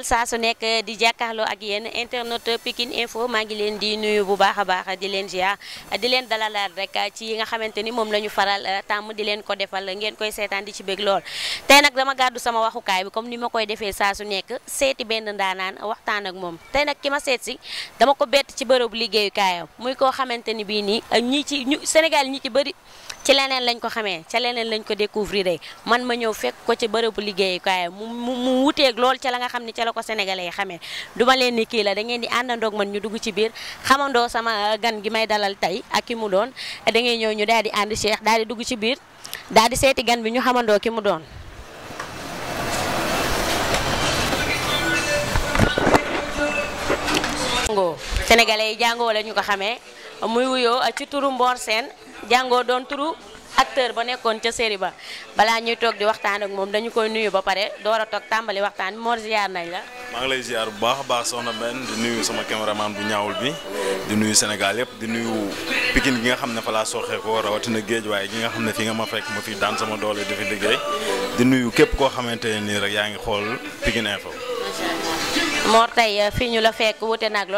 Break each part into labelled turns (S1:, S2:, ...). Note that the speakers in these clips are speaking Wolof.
S1: àndal saa su nekk di jàkkaarloo ak yenn internet Pikine Info maa ngi leen di nuyu bu baax a baax di leen ziar di leen dalalaat rek ci yi nga xamante ni moom la ñu faral euh, tàmm di leen ko defal ngeen koy seetaan di ci bég lool tey nag dama gàddu sama waxukaay bi comme ni ma koy defee saa su nekk seeti benn ndaanaan waxtaan ak moom tey nag ki ma seet si dama ko bett ci bërëbu liggéeyukaayam muy koo xamante ni bii nii ñii ci ñu Sénégal ñi ci bëri ci leneen lañ ko xamee ca leneen lañ ko découvrir man ma ñëw fekk ko ci bërëbu liggéeyukaay mu mu mu wuteeg lool ca la nga xam ne ca la ko sénégalais yi xamee du ma leen ni kii la da ngeen di àndandoog man ñu dugg ci biir xamandoo sama gan gi may dalal tey ak ki mu doon da ñëw ñu daal di ànd Cheikh daal di dugg ci biir daal di seeti gan bi ñu xamandoo ki mu doon. Sénégalais yi jàngoo lañu ko xamee muy wuyoo ci turu Mbor Sène jàngoo doon turu acteur ba nekkoon ca série ba balaa ñuy toog di waxtaan ak moom dañu koy nuyu ba pare door a toog tàmbali waxtaan bi Mor ziar nañ la.
S2: maa ngi lay ziar bu baax a baax soxna benn di nuyu sama caméraman bu ñaawul bi di nuyu Sénégal yëpp di nuyu Pikine gi nga xam ne fa laa sooxee ko rawatina géej waaye gi nga xam ne fi nga ma fekk ma fi daan sama doole di fi liggéey di nuyu képp koo xamante ne nii rek yaa ngi xool Pikine Info.
S1: Mor tey fii ñu la fekk wute nag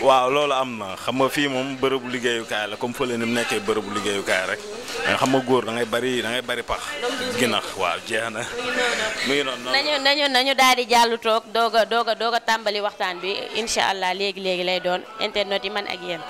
S2: waaw loolu am na xam nga fii moom bërëbu liggéeyukaay la comme fële ni mu nekkee bërëbu liggéeyukaay rek nga xam nga góor da ngay bari da bari pax ginax waaw jeex na mu ngi noonu
S1: nañu nañu daal di jàllu toog doog a doog a tàmbali waxtaan bi incha allah léegi léegi lay doon internet yi man ak yéen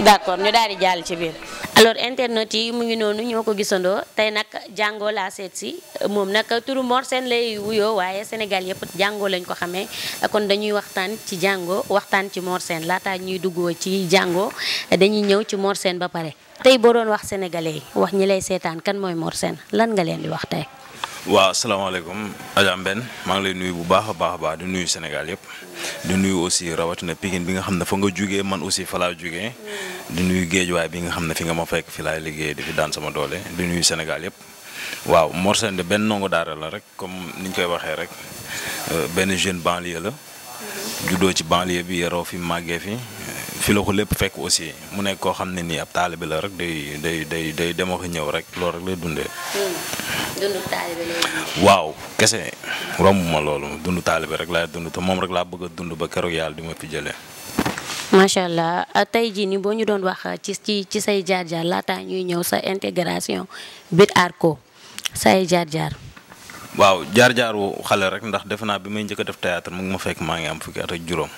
S1: d'accord ni daal di jàll ci biir alors internet yi mu ngi noonu ñoo ko gisandoo tey nag jàngoo laa seet si moom nag turu Mor Sène lay wuyoo waaye Sénégal yëpp jàngoo lañ ko xamee kon dañuy waxtaan ci jàngoo waxtaan ci Mor Sène laataa ñuy duggoo ci jàngoo dañuy ñëw ci Mor Sène ba pare tey boo doon wax sénégalais yi wax ñi lay seetaan kan mooy Mor Sène lan nga leen di waxtee
S2: waaw asalaamaaleykum Adja Mbène maa ngi lay nuyu bu baax a baax a baax di nuyu Sénégal yëpp di nuyu aussi rawatina Pikine bi nga xam ne fa nga jugee man aussi falaa laa jugee di nuyu géej Géejuwaay bi nga xam ne fi nga ma fekk fi laay liggéey di fi daan sama doole di nuyu Sénégal yëpp waaw Mor Sène benn nongo daara la rek comme niñ koy waxee rek euh, benn jeune banlieue la mhm. juddoo ci banlieue bi yaroo fi màggee fi fi ko lépp fekk aussi mu nekk koo xam ne nii ab taalibe la rek day day day day dem ñëw rek loolu rek lay dundee. Hmm. waaw kese romb ma loolu dundu taalibe rek laay dund te moom rek laa bëgg a dund ba keroog yàlla di ma fi jëlee.
S1: macha allah ah, tey jii nii boo ñu doon wax ah, ci ci ci say jaar jaar laataa ñuy ñëw sa intégration biir ARCO say jaar jaar.
S2: waaw jaar jaaru xale rek ndax def naa bi may njëkk a def théâtre mu ngi ma fekk maa ngi am fukki at juróom.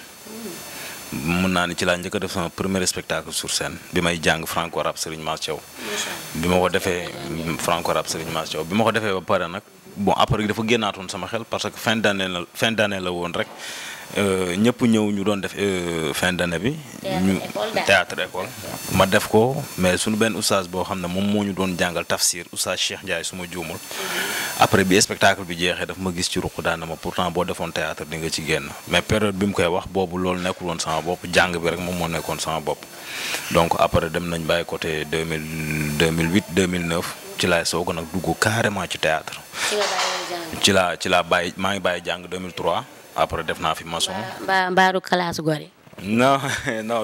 S2: mun naa ne ci laa njëkk a def sama premier spectacle sur seen bi may jàng franco rap Serigne Mass Thiaw bi ma ko defee franco rap Serigne Mass Thiaw bi ma ko defee ba pare nag bon après dafa génnaatoon sama xel parce que fin d'année la fin d'année la woon rek Euh, ñëpp ñëw ñu doon def euh, fin d'année bi. ñu théâtre école ma def ko mais sunu benn oustaz boo xam ne moom moo ñu doon jàngal tafsir oustaz Cheikh Ndiaye suma ma juumul. Mm-hmm. après bi spectacle bi jeexee daf ma gis ci ruq daan na ma pourtant boo defoon théâtre di nga ci génn mais période bi mu koy wax boobu loolu nekkul woon sama bopp jàng bi rek moom moo nekkoon sama bopp. donc après dem nañ bàyyi côté deux mille deux mille huit deux mille neuf ci laay soog nag dugg carrément ci théâtre ci laa ci laa bàyyi maa ngi bàyyi jàng 2003. après def naa fi maçon.
S1: mbaa mbaaru kalaasu gor yi.
S2: non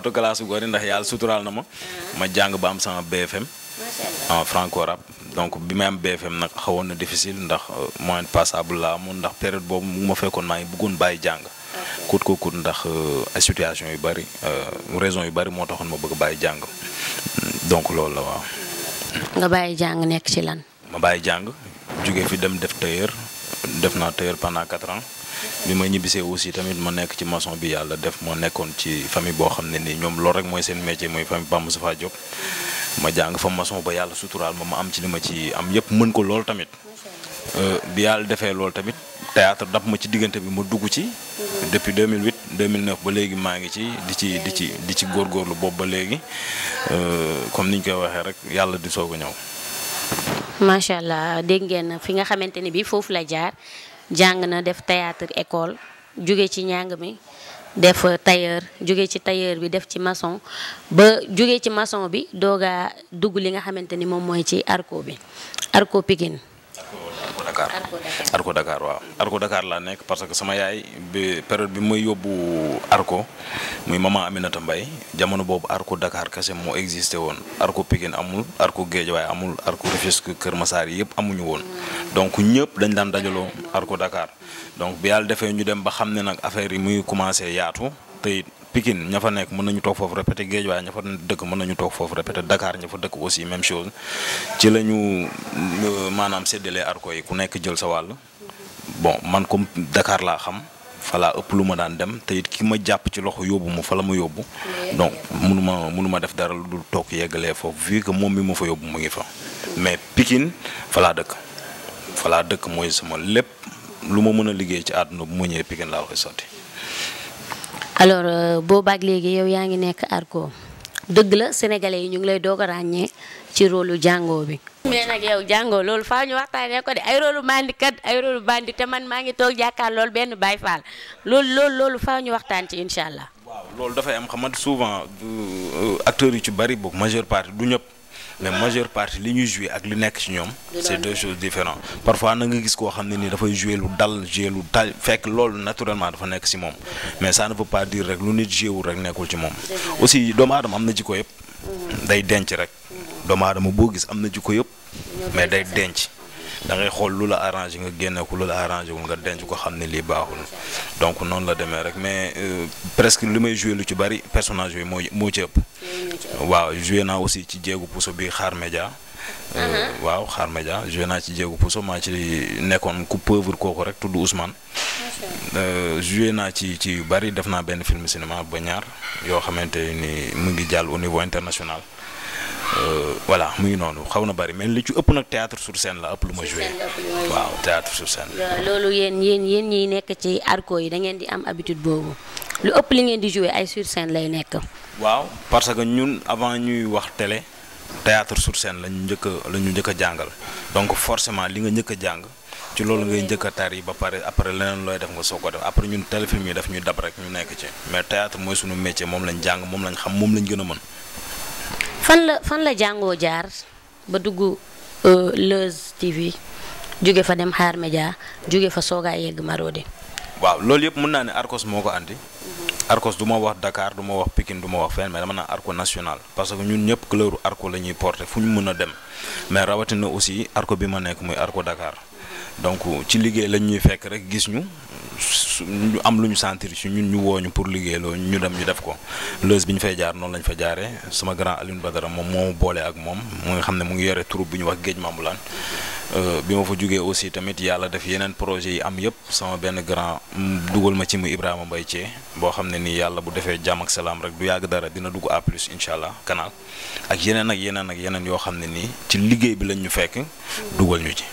S2: du kalaasu gor ndax yàlla suturaal na ma. Ah. ma jàng ba am sama BFM. en franco arabe donc bi may am BFM nag xawoon na difficile ndax euh, moyen passable la amoon ndax période boobu mu ma fekkoon maa ngi bëggoon bàyyi jàng. kut ko kut ndax ay euh, situation yu bëri euh, raison yu bari moo taxoon ma bëgg bàyyi jàng donc loolu la waaw.
S1: nga bàyyi jàng nekk ci lan.
S2: ma bàyyi jàng jóge fi dem def tailleur def naa tailleur pendant quatre ans. bi ma ñibbisee aussi tamit ma nekk ci maçon bi yàlla def ma nekkoon ci famille boo xam ne nii ñoom loolu rek mooy seen métier mooy famille Pape Moustapha Diop ma jàng fa maçon ba yàlla suturaal ma am ci li ma ci ko lool tamit euh, bi yàlla defee loolu tamit théâtre daf ma ci diggante bi ma dugg ci mhm. depuis 2008 2009 ba léegi maa ngi ci di ci di ci di ci góorgóorlu boobu ba léegi euh, comme niñ koy waxee rek yàlla di soog a ñëw
S1: macha allah dégg ngeen fi nga xamante ne bi foofu la jaar jàng na def théâtre école jóge ci njàng mi def tailleur jóge ci tailleur bi def ci maçon ba jóge ci mason bi doogaa dugg li nga xamante ni moom mooy ci arco bi arco Pikine
S2: Dakar. Arco Dakar waaw. Arco Dakar laa nekk parce que sama yaay bi période bi may yóbbu Arco muy maman Aminata mbay jamono boobu Arco Dakar kese moo existé woon Arco Pikine amul Arco Guédiawaye amul Arco Rufisque Kër Massar yëpp amuñu woon donc ñëpp dañ daan dajaloo Arco Dakar donc bi yàlla defee ñu dem ba xam ne nag affaire yi muy commencé yaatu te Pikine ña fa nekk mën nañu toog foofu répété Guédiawaye ña fa dëkk mën nañu toog foofu répété Dakar ña fa dëkk aussi même chose ci la ñu euh, maanaam séddalee arco yi ku nekk jël sa wàll bon man comme dakaar laa xam falaa ëpp lu ma daan dem te it ki ma jàpp ci loxo yóbbu ma fa la ma yóbbu donc mënuma mënuma def dara lu dul toog yeggalee foofu fii que moom mi ma fa yóbbu mu ngi fa mais Pikine falaa dëkk falaa dëkk mooy sama lépp lu ma mën a liggéey ci àdduna bu ma ñëwee Pikine laa koy
S1: alors euh, boobaag léegi yow yaa ngi nekk Arco dëgg la sénégalais yi ñu ngi lay doog a ràññee ci rôlu jàngoo bi. mais nag yow jàngoo loolu faa ñu waxtaanee ko de ay rôlu bandikat ay rôlu bandi te man maa ngi toog jàkkaar loolu benn Baay Faal loolu loolu loolu faa ñu waxtaan ci incha allah.
S2: waaw loolu dafay am xamat souvent euh, acteurs yu ci bari boog majeure partie du ñëpp. mais majeure partie li ñu joué ak li nekk ci ñoom c'est deux choses différentes parfois na nga gis koo xam ne ni dafay joué lu dal joué lu tal fekk loolu naturellement dafa nekk ci moom mais ça ne veut pas dire rek lu nit joué wul rek nekkul ci moom aussi doomu aadama am na jikko yëpp mm-hmm. day denc rek mm-hmm. doomu aadama boo gis am na jiko yëpp mais day denc da ngay xool lu la arrangé nga génne ko lu la arrangé wul nga denc ko xam ne lii baaxul donc noonu la demee rek mais euh, presque li may joué lu ci bari personnage yooyu moo moo ci ëpp. waaw joué naa aussi ci jéegu puso bi xaar média. Euh, uh-huh. waaw xaar média joué naa ci jéegu puso maa ci nekkoon ku pauvre kooku rek tudd Ousmane. Euh, joué naa ci ci yu bari def naa benn film cinéma ba ñaar yoo xamante ni mu ngi jàll au niveau international. Euh, voilà mu ngi noonu xaw na bari mais lu ci ëpp nag théâtre sur scène la ëpp lu ma joué waaw théâtre sur scène euh,
S1: loolu yéen yéen yéen ñiy nekk ci arco yi da ngeen di am habitude boobu lu ëpp li ngeen di joué ay sur scène lay nekk
S2: waaw parce que ñun avant ñuy wax télé théâtre sur scène lañu njëkk la ñu njëkk jàngal donc forcément li nga njëkk jàng ci loolu ngay njëkk a tar yi ba pare après leneen looy def nga soog ko def après ñun téléfilm yi daf ñuy dab rek ñu nekk ci mais théâtre mooy suñu métier moom lañ jàng moom lañ xam moom lañ gën a mën
S1: fan la fan la jàngoo jaar ba dugg euh, Leuz TV jóge fa dem xaar média jóge fa soogaa yegg Marodi
S2: waaw loolu yëpp mun naa ne Arcos moo ko àndi Arcos du ma wax dakaar du ma wax Pikine du ma wax fenn mais dama naan Arcos national parce que ñun ñëpp couleur Arcos la ñuy porté fu ñu mën a dem mais rawatina aussi Arcos bi ma nekk muy Arcos dakaar donc ci liggéey lañ ñuy fekk rek gis ñu ñu am lu ñu sentir ci ñun ñu wooñu pour liggéey loolu ñu dem ñu def ko leuse bi ñu fay jaar noonu lañ fa jaaree sama grand Alioune Badara moom moo boole ak moom xam ne mu ngi yore troupe bu ñu wax géej mambulaan euh, bi ma fa jógee aussi tamit yàlla def yeneen projet yi am yëpp sama benn grand mm, dugal ma ci mu Ibrahima Mbaye Thié boo xam ne nii yàlla bu defee jàmm salaam rek du yàgg dara dina dugg à plus allah canal ak yeneen ak yeneen ak yeneen yoo xam ne nii ci liggéey bi lañ ñu fekk dugal ñu ci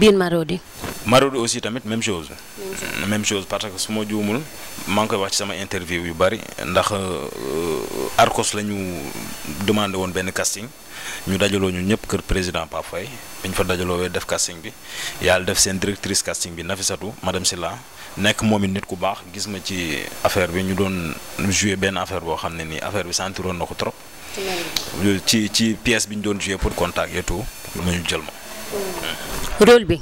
S2: biir Marodi. Marodi aussi tamit même chose. même chose parce que su ma juumul maa koy wax ci sama interview yu bari ndax euh, Arcos la ñu demandé woon benn casting ñu dajaloo ñu ñëpp kër président Pape Faye bi ñu fa dajaloo wee def casting bi yàlla def seen directrice casting bi Nafisatou madame Silla nekk moom it nit ku baax gis ma ci affaire bi ñu doon joué benn affaire boo xam ne nii affaire bi sentiroon na ko trop. ci ci pièce bi ñu doon joué pour contact et tout. jël ma.
S1: rôle bi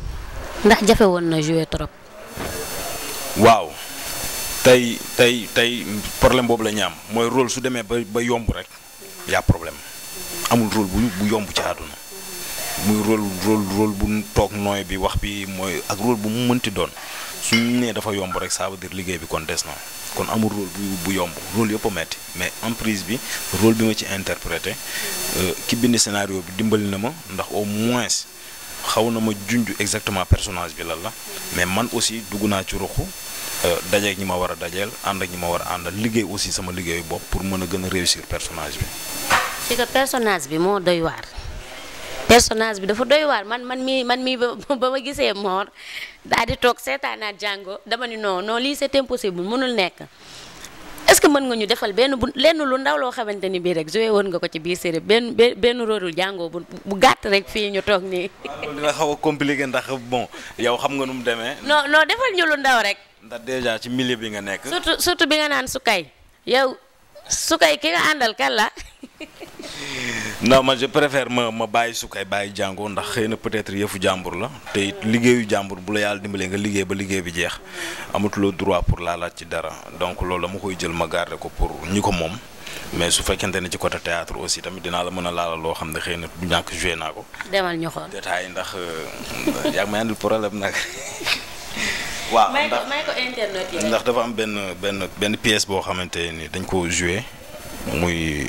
S1: ndax jafe woon na jouer trop.
S2: waaw tey tey tey problème boobu la ñu am mooy rôle su demee ba ba yomb rek y a problème amul rôle bu yomb ci àdduna muy rôle rôle rôle bu toog nooy bi wax bi mooy ak rôle bu mu mënti doon su nee dafa yomb rek ça veut dire liggéey bi kon des na kon amul rôle bu bu yomb rôle yëpp a metti mais emprise bi rôle bi ma ci interprété euh, ki bind scénario bi dimbali na ma ndax au moins. xaw na ma junj exactement personage bi lan la mais man aussi dugg naa ci ruq euh, daje ñi ma war a dajeel ànd ak ñi ma war a àndal liggéey aussi sama liggéeyu bopp pour mën a gën a réussir personnage bi.
S1: c'est que personnage bi moo doy waar. personnage bi dafa doy waar man man mii man mii ba ba ma gisee Mor daal di toog seetaanaat Django dama ni non non lii c'est impossible mënul nekk. est-ce que mën nga ñu defal benn bu lenn lu ndaw loo xamante ni bii rek joué woon nga ko ci biir série benn benn róorul jàngoo bu gàtt rek fii ñu toog nii. Ah, dina
S2: xaw a compliqué ndax bon yow xam nga nu mu demee.
S1: non noo defal ñu lu ndaw rek.
S2: ndax déjà ci milieu bi nga nekk. surtout
S1: surtout bi nga naan sukay yow sukay ki nga àndal kan
S2: non ma je préfère ma bàyyi bàyyi sukkay bàyyi jàngoo ndax xëy na peut-être yëfu jàmbur la te it liggéeyu jàmbur bu la yàlla dimbalee nga liggéey ba liggéey bi jeex amatuloo droit pour laalaat ci dara donc loolu dama koy jël ma garder ko pour ñi ko moom mais su fekkente ne ci côté théâtre aussi tamit dinaa la mën a laala loo xam ne xëy na du ñàkk joué naa ko. demal ñu xool détail ndax euh, yaa ngi may andil problème nag. waaw ndax dafa am benn benn benn pièce boo xamante ni dañ ko joué muy.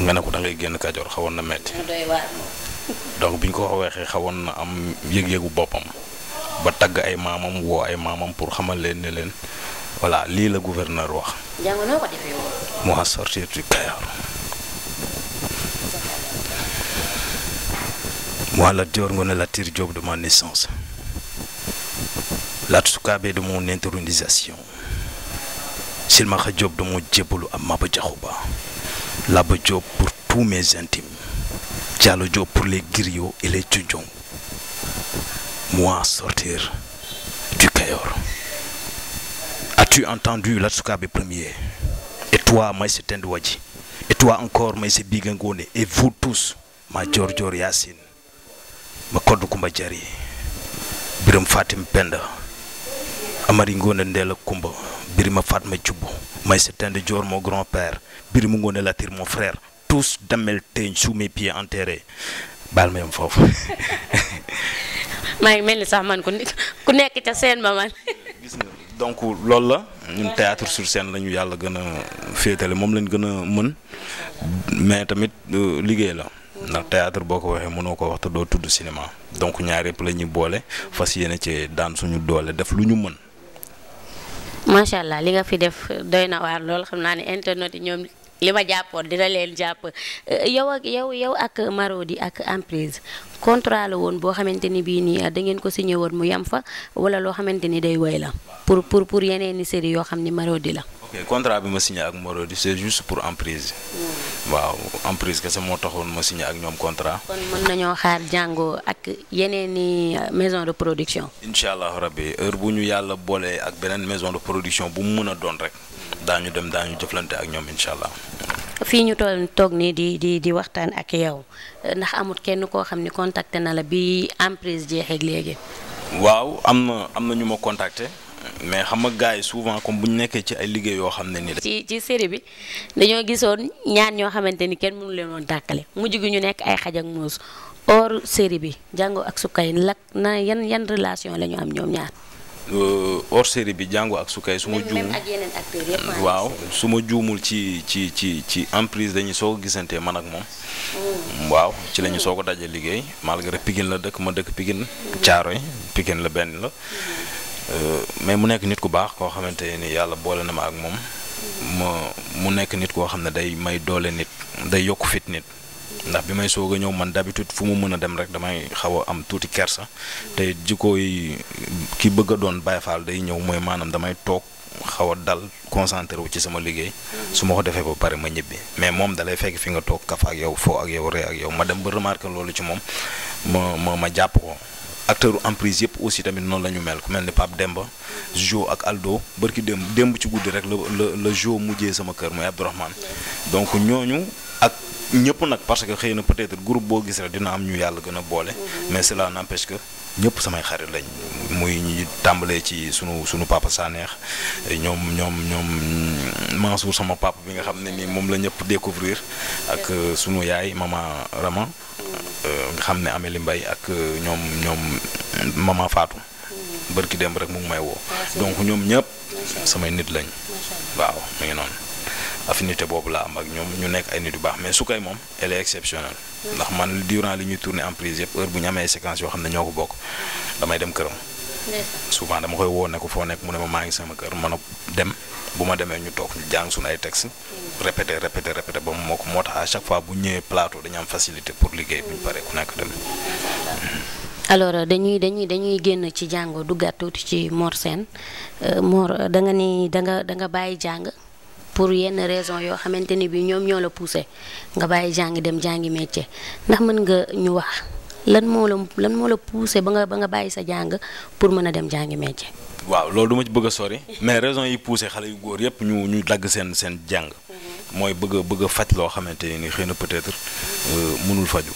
S2: nga ne ko da génn Kajoor xawoon na metti donc bi ñu ko waxee xawoon na am yëg-yëgu boppam ba tagg ay maamam woo ay maamam pour xamal leen ne leen voilà lii la gouverneur wax. mu à sortir du Kajoor. moi Lat Dior Ngoné Latyr Diop de ma naissance. Lat Sukaabe de mon intronisation. Silmaxa Diop de jébbalu am Maba Jaxu Ba La Diop pour tous mes intimes, Diallo pour les griots et les tudjons. Moi sortir du Cayor. As-tu entendu l'Atsukabe premier Et toi, Maïse Tendouadji Et toi encore, Maïse Bigengone Et vous tous, ma Giorgio Yassine, ma Kodokumba Djari, Biram Fatim Penda. amari ngoone ndeel ak kumba faat ma cubb may sa de joor moo grand-père birima ngoone latir mon frère tous damel teeñ sous mes pieds enterrés baal ma yem foofu
S1: maa ngi mel ni sax man ku nekk ca seen ba man gis
S2: nga donc loolu la ñun théâtre sur scène la ñu yàlla gën a féetale moom lañ gën a mën mais tamit euh, liggéey la ndax théâtre boo ko waxee mënoo ko wax te doo tudd cinéma donc ñaar yëpp la ñuy boole fas yéene ci daan suñu doole def lu ñu mën
S1: macha allah li nga fi def doy na waar lool xam naa ni internet yi ñoom li ma jàppoon dina leen jàpp eh, yow ak yow yow ak Marodi ak emprise contrat la woon boo xamante ni bii nii da ngeen ko signé woon mu yem fa wala loo xamante ni day woy la pour pour pour yeneen i série yoo xam ni Marodi la.
S2: contrat bi ma signé ak Marodi c'est juste pour emprise. Hmm. waaw emprise kese moo taxoon ma signé ak ñoom contrat. kon
S1: mën nañoo xaar jàngoo ak yeneen i euh, maison de production.
S2: incha allah rabbi heure bu ñu yàlla boolee ak beneen maison de production bu mu mën a doon rek. daañu dem daañu jëflante ak ñoom incha allah.
S1: fii ñu toll toog nii di di di waxtaan ak yow ndax amut kenn koo xam ni contacté na la bi emprise jeexeeg léegi.
S2: waaw am na am na ñu ma contacté mais xam nga gars yi souvent comme bu ñu nekkee ci ay liggéey yoo xam ne ni la.
S1: ci ci bi dañoo gisoon ñaan ñoo xamante ni kenn mënu leen woon tàkkale mujj gi ñu nekk ay xaj ak muus or série bi jàngoo ak Sukay lak na yan yan relation la ñu am ñoom ñaar.
S2: Euh, hors série bi Django ak Sukay su ma juumul waaw su ma juumul ci ci ci ci emprise dañuy soo ko gisantee man ak moom mm. waaw ci la ñu mm. soo ko daje liggéey malgré Pikine la dëkk ma dëkk caaro yi Pikine la benn la mm. euh, mais mu nekk nit ku baax koo xamante ni yàlla boole na ma ak moom ma mu nekk nit koo xam ne day may doole nit day yokk fit nit ndax bi may soog ñëw man d'habitude fu mu mën a dem rek damay xaw a am tuuti kersa te jikko yi ki bëgg a doon Baye Fall day ñëw mooy maanaam damay toog xaw a dal concentré wu ci sama liggéey su ma ko defee ba pare ma ñibbi mais moom dalay fekk fi nga toog kaf ak yow foo ak yow ree ak yow ma dem ba remarqué loolu ci moom ma ma ma jàpp ko acteur emprise yëpp aussi tamit noonu la ñu mel ku mel ni Pape Demba Jo ak Aldo bërki démb démb ci guddi rek la la la Jo mujjee sama kër mooy Abdourahmane donc ñooñu ak ñëpp nag parce que xëy na peut-être groupe boo gis rek dina am ñu yàlla gën a boole mhm. mais cela n'empêche que ñëpp samay xarit lañ muy ñu tàmbalee ci sunu sunu papa Saneex ñoom ñoom ñoom Mansour sama papa bi nga xam ne ni moom la ñëpp découvrir ak sunu yaay mama Rama mhm. euh, xam ne Amélie Mbaye ak euh, ñoom ñoom mama Fatou mhm. bërki démb rek mu ngi may woo donc ñoom ñëpp samay nit lañ waaw mu ngi noonu affinité boobu laa am ak ñoom ñu nekk ay nit yu baax mais su kay moom elle est exceptionnelle ndax man durant li ñuy tourner en prise yëpp heure bu ñu amee séquence yoo xam ne ñoo ko bokk damay dem këram souvent dama koy woo ne ko foo nekk mu ne ma maa ngi sama kër mën a dem bu ma demee ñu toog ñu jàng suñu ay texte répété répété répété ba mu moo ko moo tax à chaque fois bu ñëwee plateau dañu am facilité pour liggéey bu ñu paree ku nekk dem
S1: alors euh, dañuy génn ci jàng duggaat tuuti ci Mor Sène euh, Mor euh, da nga ni da nga da nga bàyyi jàng pour yenn raison yoo xamante ni bi ñoom ñoo la poussé nga bàyyi jàng dem jàngi métier ndax mën nga ñu wax lan moo la lan moo la poussé ba nga ba nga bàyyi sa jàng pour mën a dem jàngi métier.
S2: waaw loolu du ci bëgg a sori mais raison yi poussé xale yu góor yëpp ñu ñu dagg seen seen jàng. Mhm. mooy bëgg a bëgg a faj loo xamante ni xëy na peut-être euh, mënul faju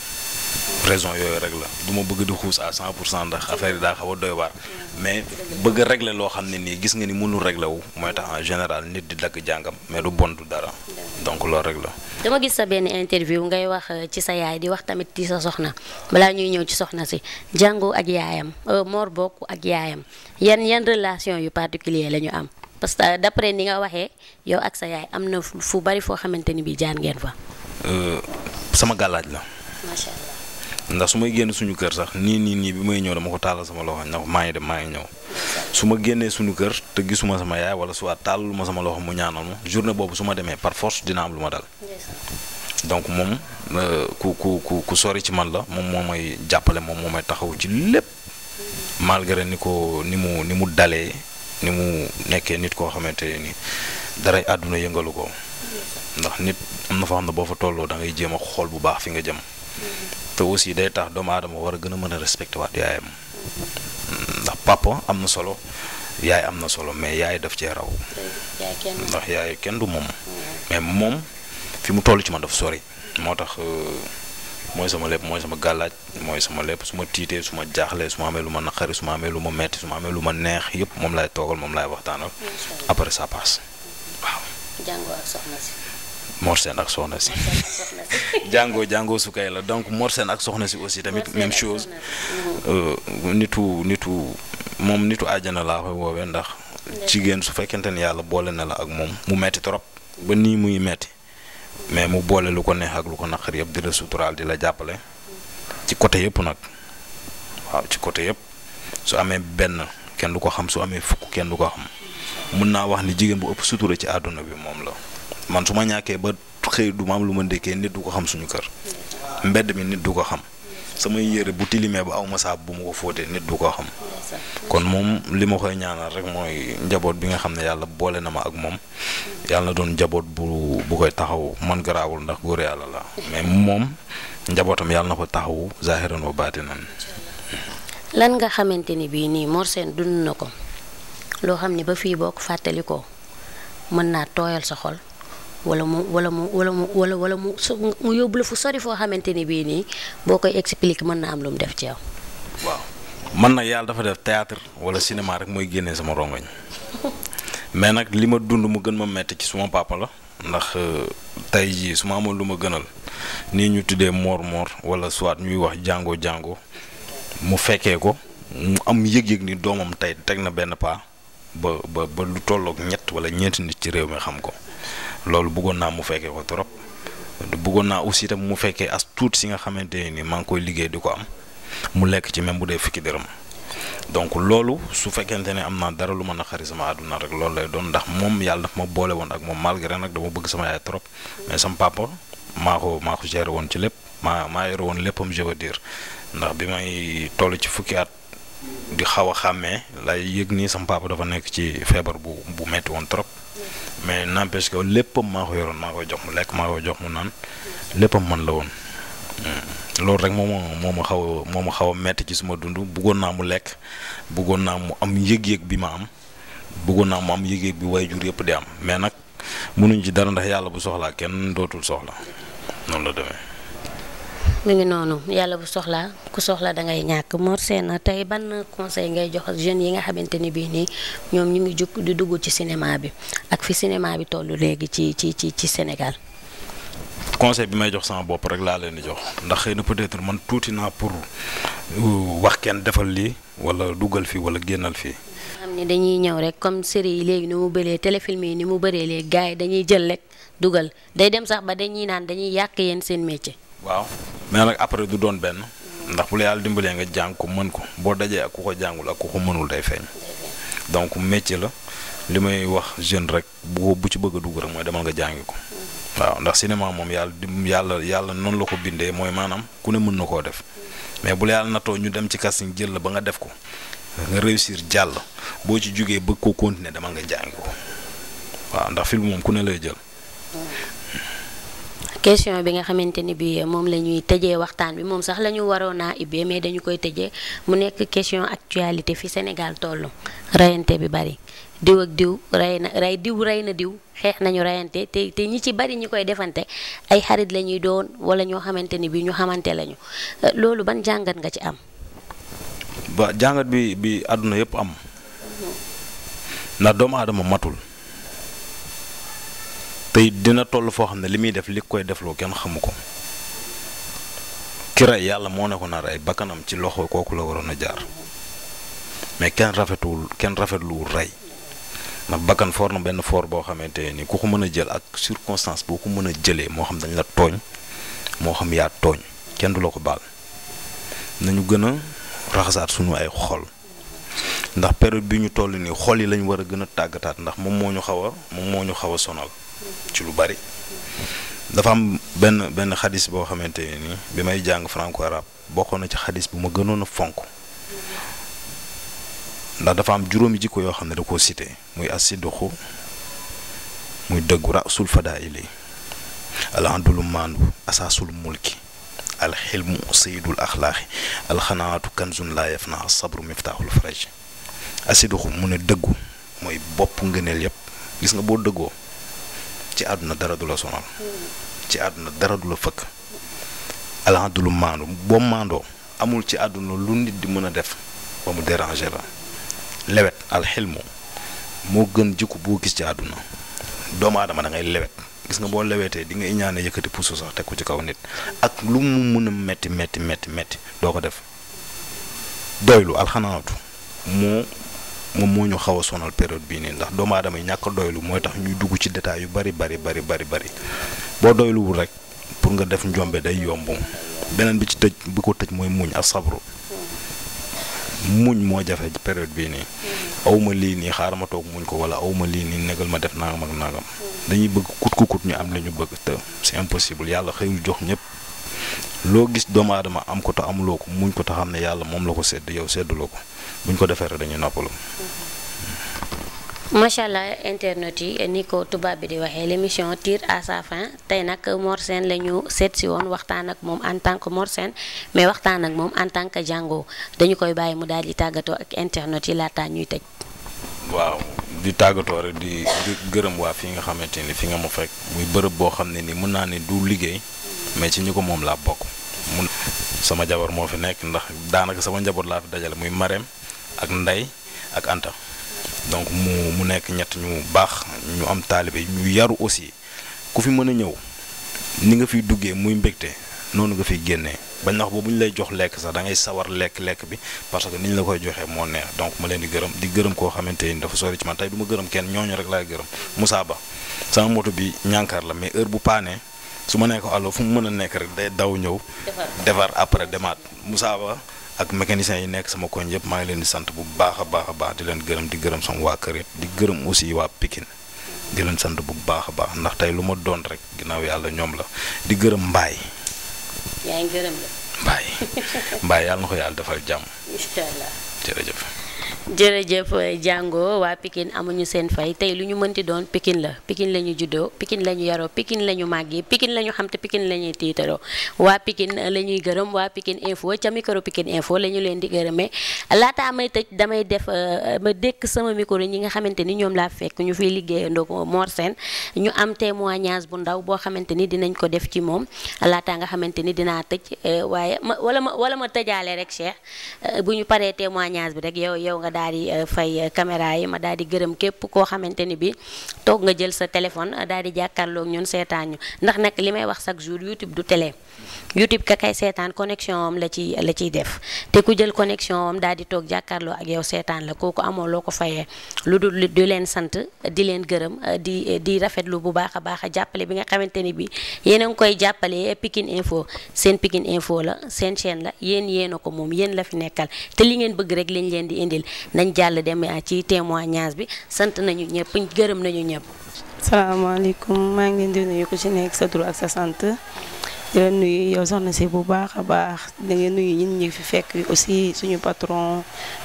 S2: raison yooyu rek la du ma bëgg di xuus à 100 pour cent ndax affaire yi daa xaw a doy waar mais bëgg a régler loo xam ne nii gis nga ni mënul régler wu mooy tax en général nit di dakk jàngam mais du bon du dara donc loolu rek
S1: dama gis sa benn interview ngay wax euh, ci sa yaay di wax tamit di sa soxna balaa ñuy ñëw ci soxna si jàngoo ak yaayam euh, Mor bokk ak yaayam yan yan relation yu particulier la ñu am parce que d'après ni nga waxee yow ak sa yaay am na fu bari foo xamante ni bii jaan ngeen fa.
S2: Euh, sama gàllaaj la. ndax su may génn suñu kër sax nii nii nii bi may ñëw dama ko tàllal sama loxo na maa ngi dem maa ngi ñëw su ma génnee suñu kër te gisuma sama yaay wala soit tàllalu ma sama loxo mu ñaanal ma journée boobu su ma demee par force dina am lu ma dal donc moom euh, ku ku ku ku sori ci man la moom moo may jàppale moom moo may taxaw ci lépp malgré ni ko ni mu ni mu dalee ni mu nekkee nit koo xamante ni daray àdduna yëngalu ko ndax nit am na fa xam ne boo tolloo da jéem a xool bu baax fi nga jëm mm-hmm. te aussi day tax doomu aadama war a gën a mën a respecté waat yaayam ndax papa am na solo yaay am na solo mais yaay daf cee raw ndax yaay kenn du moom mais moom fi mu toll ci man dafa sori moo tax euh, mooy sama lépp mooy sama gàllaaj mooy sama lepp su ma tiitee su ma jaaxlee su ma amee lu ma naqari su ma amee lu ma metti su ma amee lu ma neex yëpp moom lay toogal moom laay waxtaanal après ça passe waaw Mor Sène ak Soxna si jàngoo jàngoo su kay la donc Mor Sène ak Soxna si aussi tamit même chose euh, nitu nitu moom nitu àjjana laa koy woowee ndax jigéen su fekkente ne yàlla boole na la ak moom mu metti trop ba nii muy metti mais mu boole lu ko neex ak lu ko naqar yëpp di la suturaal di la jàppale ci côté yëpp nag waaw ci côté yëpp su amee benn kenn du ko xam su amee fukk kenn du ko xam mun naa wax ni jigéen bu ëpp sutura ci àdduna bi moom la man su ma ñàkkee ba xëy du ma am lu ma ndékkee nit du ko xam suñu kër mbedd mi nit du ko xam samay yére bu tilimee ba aw ma saab bu ma ko fóotee nit du ko xam kon moom li ma koy ñaanal rek mooy njaboot bi nga xam ne yàlla boole na ma ak moom yàlla na doon njaboot bu bu koy taxaw man garaawul ndax góor yàlla la mais moom njabootam yàlla na ko taxawu zahiran wa baatinan
S1: lan nga xamante ni bii nii Mor Sène dund na ko loo xam ne ba fii boo ko mën naa tooyal sa xol. wala mu wala mu wala mu wala wala mu mu yóbbu la fu sori foo xamante ni bii nii boo koy expliquer mën na am lu mu def ci
S2: waaw man nag yàlla dafa def théâtre wala cinéma rek mooy génnee sama rongoñ mais nag li ma dund mu gën ma metti ci suma papa la ndax euh, tey jii su ma amoon lu ma gënal nii ñu tuddee moor moor wala soit ñuy wax jàngo jàngo mu fekkee ko mu am yëg-yëg ni doomam tey teg na benn paa ba ba ba lu tolloog ñett wala ñeenti nit ci réew mi xam ko. loolu bëggoon naa mu fekkee ko trop bëggoon naa aussi tam mu fekkee as tuut si nga xamante ne nii maa ngi koy liggéey di ko am mu lekk ci même bu dee fukki dërëm donc loolu su fekkente ne am naa dara lu mën a naqari sama àdduna rek loolu lay doon ndax moom yàlla dafa ma boole woon ak moom malgré nag dama bëgg sama yaay trop mais sama papa maa ko maa ko géré woon ci lépp maa maa yore woon léppam je veux dire ndax bi may toll ci fukki at di xaw a xàmmee lay yëg nii sama papa dafa nekk ci feebar bu bu metti trop. mais n'empêche que léppam maa ko yoroon maa ko jox mu lekk maa koy jox mu naan léppam man la woon hmm. loolu rek moom moo ma xaw a moo ma xaw a metti ci suma dund buggoon naa mu lekk buggoon naa mu am yëg-yëg bi ma am buggoon naa mu am yëg-yëg bi waajur yëpp di am mais nag mënuñ ci dara ndax yàlla bu soxlaa kenn dootul soxla noonu la demee.
S1: mu ngi noonu yàlla bu soxlaa ku soxla da ngay ñàkk Mor na tey ban conseil ngay jox jeunes yi nga xamante ni bii nii ñoom ñu ngi jug di dugg ci cinéma bi ak fi cinéma bi toll léegi ci ci ci ci Sénégal.
S2: conseil bi may jox sama bopp rek laa leen di jox ndax xëy na peut man tuuti naa pour euh, wax kenn defal lii wala dugal fii wala génnal fii.
S1: xam ni dañuy ñëw rek comme série yi léegi ni mu bëree téléfilm yi ni mu bëree léegi gars yi dañuy jël rek dugal day dem sax ba dañuy naan dañuy yàq yéen seen métier.
S2: waaw mais nag après du doon benn. ndax bu la yàlla dimbalee nga jàng ko mën ko boo dajee ak ku ko jàngul ak ku ko mënul day feeñ. donc métier la li may wax jeune rek bu bu ci bëgg a dugg rek mooy demal nga jàngi ko. waaw ndax cinéma moom yàlla di yàlla yàlla noonu la ko bindee mooy maanaam ku ne mën na koo def mais bu la yàlla natoo ñu dem ci casting jël la ba nga def ko nga réussir jàll boo ci jógee bëgg ko continuer demal nga jàngi ko waaw ndax film moom ku ne lay jël.
S1: question bi nga xamante ni bi moom la ñuy tëjee waxtaan bi moom sax lañu waroon a ubbee mais dañu koy tëjee mu nekk question actualité fi senegal toll rayante bi bari diw ak diw rey na diw rey na diw xeex nañu reyante te te ñi ci bari ñi koy defante ay xarit la ñuy doon wala ñoo xamante ni bi ñu xamante lañu euh, loolu ban jàngat nga ci am.
S2: ba jàngat bi bi àdduna yëpp am. ndax doomu aadama matul. tey dina toll foo xam ne li muy def li koy defloo kenn xamu ko ki rey yàlla moo ne ko na rey bakkanam ci loxo kooku la waroon a jaar mais kenn rafetuwul kenn rafetluwul rey ndax bakkan foor na benn foor boo xamante ni ku ko mën a jël ak circonstance boo ko mën a jëlee moo xam dañu la tooñ moo xam yaa tooñ kenn du la ko baal nañu gën a raxasaat sunu ay xol ndax période bi ñu toll nii xol yi lañu war a gën a tàggataat ndax moom moo ñu xaw a moom moo ñu xaw a sonal. ci lu bari dafa am benn benn xadis boo xamante ni bi may jàng franco arabe bokkoon na ci xadis bu ma gënoon a fonk ndax dafa am juróomi jikko yoo xam ne da koo cité muy asiduxu muy dëggu rasul fadaa ili al andulu maandu asaasul mulki al xilmu sayidul axlaaxi alxanaatu kanzun laa yafna sabru miftaaxul faraj asiduxu mu ne dëggu mooy bopp ngëneel yépp gis nga boo dëggoo ci àdduna dara du la sonal ci àdduna dara du la fëkk alhan du lu maandu boo maandoo amul ci àdduna lu nit di mën a def ba mu déranger la lewet alxilmu moo gën jikko boo gis ci àdduna doomu aadama da ngay lewet gis nga boo lewetee di nga iñaane yëkkati puso sax teg ko ci kaw nit ak lu mu mën a metti metti metti metti doo ko def doylu alxanaatu moo moom moo ñu xaw a sonal période bii nii ndax doomu aadama yi ñàkk doylu mooy tax ñuy dugg ci détails yu bari bari bari bari bari boo doyluwul rek pour nga def njombe day yomb beneen bi ci tëj bi ko tëj mooy muñ ak sabru muñ moo jafe période bii nii awma lii nii xaaral ma toog muñ ko wala awma lii nii negal ma def nangam ak nangam dañuy bëgg kut ku kut ñu am li ñu bëgg te c'est impossible yàlla xëyul jox ñëpp loo gis doomu aadama am ko te amuloo ko muñ ko te xam ne yàlla moom la ko sedd yow sedduloo ko buñ ko defé rek dañuy noppalu mhm.
S1: macha allah internet yi ni ko tuba bi di waxee l'émission tire à sa fin tay nak Mor Sène la ñu seet si waxtaan ak mom en tant que Mor Sène mais waxtaan ak mom en tant que Django dañu koy bàyyi mu dal di tagato ak internet yi laataa ñuy tej
S2: waaw di tagato rek di gëreum wa fi nga xamanteni fi nga mu fek muy bërëb bo xam ni mën naa du liggéey mais ci ñuko mom la laa bokk sama jabar mo fi nek ndax danaka sama njaboot la fi dajale muy mareem ak ndey ak Anta donc mu mu nekk ñett ñu baax ñu am taalibe ñu yaru aussi ku fi mën a ñëw ni nga fiy duggee muy mbégte noonu nga fiy génne bañ nax boobu ñu lay jox lekk sax da ngay sawar lekk-lekk bi parce que ni ñu la koy joxee moo neex donc ma leen di gërëm di gërëm koo xamante ni dafa sori ci man tey ma gërëm kenn ñooñu rek laay gërëm Moussa Ba sama moto bi ñànkaar la mais heure bu paanee su ma nekk allo fu mu mën a nekk rek day daw ñëw defar après ak mécaniciens yi nekk sama koñ yëpp maa ngi leen di sant bu baax a baax a baax di leen gërëm di gërëm sama waa kër di gërëm usi waa pikin di leen sant bu baax a baax ndax tey lu ma doon rek ginnaaw yàlla ñoom la di gërëm mbaay yaa ngi mbaay yàlla na ko yàlla defal jàmm
S1: jërëjëf jàngo eh, waa Pikine amuñu seen fay tey lu ñu mënti doon pikin la pikin la ñu juddoo Pikine la ñu yaroo pikin la ñu màggi Pikine la ñu xam te Pikine la ñuy tiitaroo waa pikin eh, lañuy gërëm waa pikin info ca micro Pikine info la ñu leen di gërëmee laata may tëj damay def eh, ma dékk sama micro ñi nga xamante ni ñoom laa fekk ñu fiy liggéeyandoo Mor Sène ñu am témoignage bu ndaw boo xamante ni dinañ ko def ci moom laata nga xamante ni dinaa tëj waaye ma wala ma wala ma tëjaale rek Cheikh bu ñu paree témoignage bi rek yow yow nga daal di euh, fay euh, caméra yi ma daal di gërëm képp koo xamante ni bi toog nga jël sa téléphone euh, daal di jàkkaarloog ñun seetaan ñu ndax nag li may wax chaque jour YouTube du télé YouTube kay seetaan connexion am la ci la ciy def te ku jël connexion am daal di toog jàkkaarloo ak yow seetaan la kooku amoo loo ko fayee lu dul di leen sant di leen gërëm di di rafetlu bu baax a baax a jàppale bi nga xamante ni bi yéen a ngi koy jàppale Pikine Info seen Pikine Info la seen chaîne la yéen yéen ko moom yéen la fi nekkal te li ngeen bëgg rek lañ leen di indil nañ jàll dem ci témoignage bi sant nañu ñëpp gërëm nañu ñëpp.
S3: salaamaaleykum maa ngi leen di nuyu ku ci nekk sa tur ak sa sant di nuyu yow soxna si bu baax a baax da ngeen nuyu ñun ñu fi fekk aussi suñu patron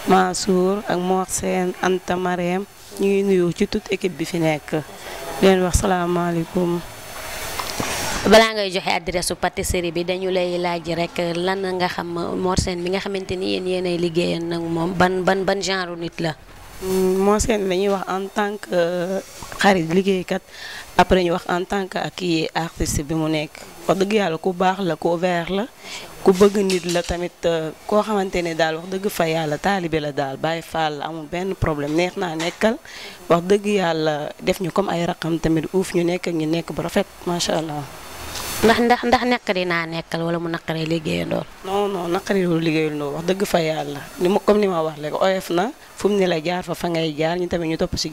S3: Mansour ak Mor Sène Anta Marème ñu ngi nuyu ci toute équipe bi fi nekk di leen wax salaamaaleykum.
S1: balaa ngay joxe adresse su pâtisserie bi dañu lay laaj rek lan nga xam Mor bi nga xamante ni yéen yéenay liggéeyal nag moom ban ban ban genre nit la.
S3: Mm, Mor Sène la ñuy wax en tant que euh, xarit liggéeykat après ñu wax en tant que ak yi artiste bi mu nekk wax dëgg yàlla ku baax la ku ouvert la ku bëgg nit la tamit euh, koo xamante ne daal wax dëgg fa yàlla taalibe la daal bàyyi faal amul benn problème neex naa nekkal wax dëgg yàlla def ñu comme ay raqam tamit uuf ñu nekk ñu nekk bu rafet macha allah. ndax ndax ndax naqari naa nekkal wala mu naqaree liggéeyandoo. non non naqariwul liggéeyandoo wax dëgg fa yàlla ni ma comme ni ma wax léegi oyof na. fu mu ne la jaar fa fa ngay jaar ñu tamit ñu topp yi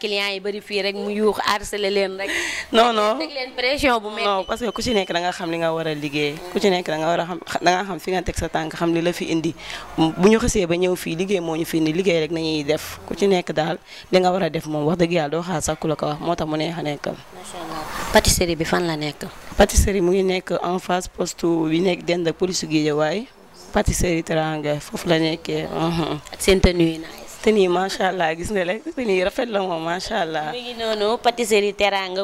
S3: client yi bu metti non ku ci nekk da nga xam li nga war a liggéey. ci nekk da nga war a xam da nga xam fi nga teg sa tànk xam li fii liggéey moo ñu fi indi liggéey rek nañuy def ku ci nekk daal li nga war a def moom dëgg yàlla doo xaar la ko wax moo tax mu neex a nekkal. macha allah pâtisserie bi fan la nekk. pâtisserie mu ngi nekk en face poste bi nekk dend ak police Guédiawaye pâtisserie Teranga foofu la nekkee. ak uh-huh. seen tenue yi tenue yi macha allah gis nga rek tenue yi rafet la moom macha allah. mi
S1: ngi noonu pâtisserie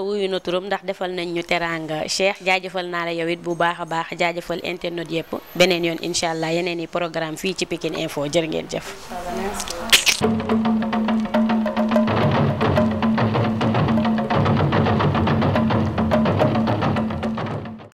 S1: wuyu na turam ndax defal nañ ñu Teranga Cheikh jaajëfal naa yow it bu baax a baax jaajëfal internet yëpp beneen yoon incha allah yeneen i programme fii ci Pikine Info jërë ngeen jëf.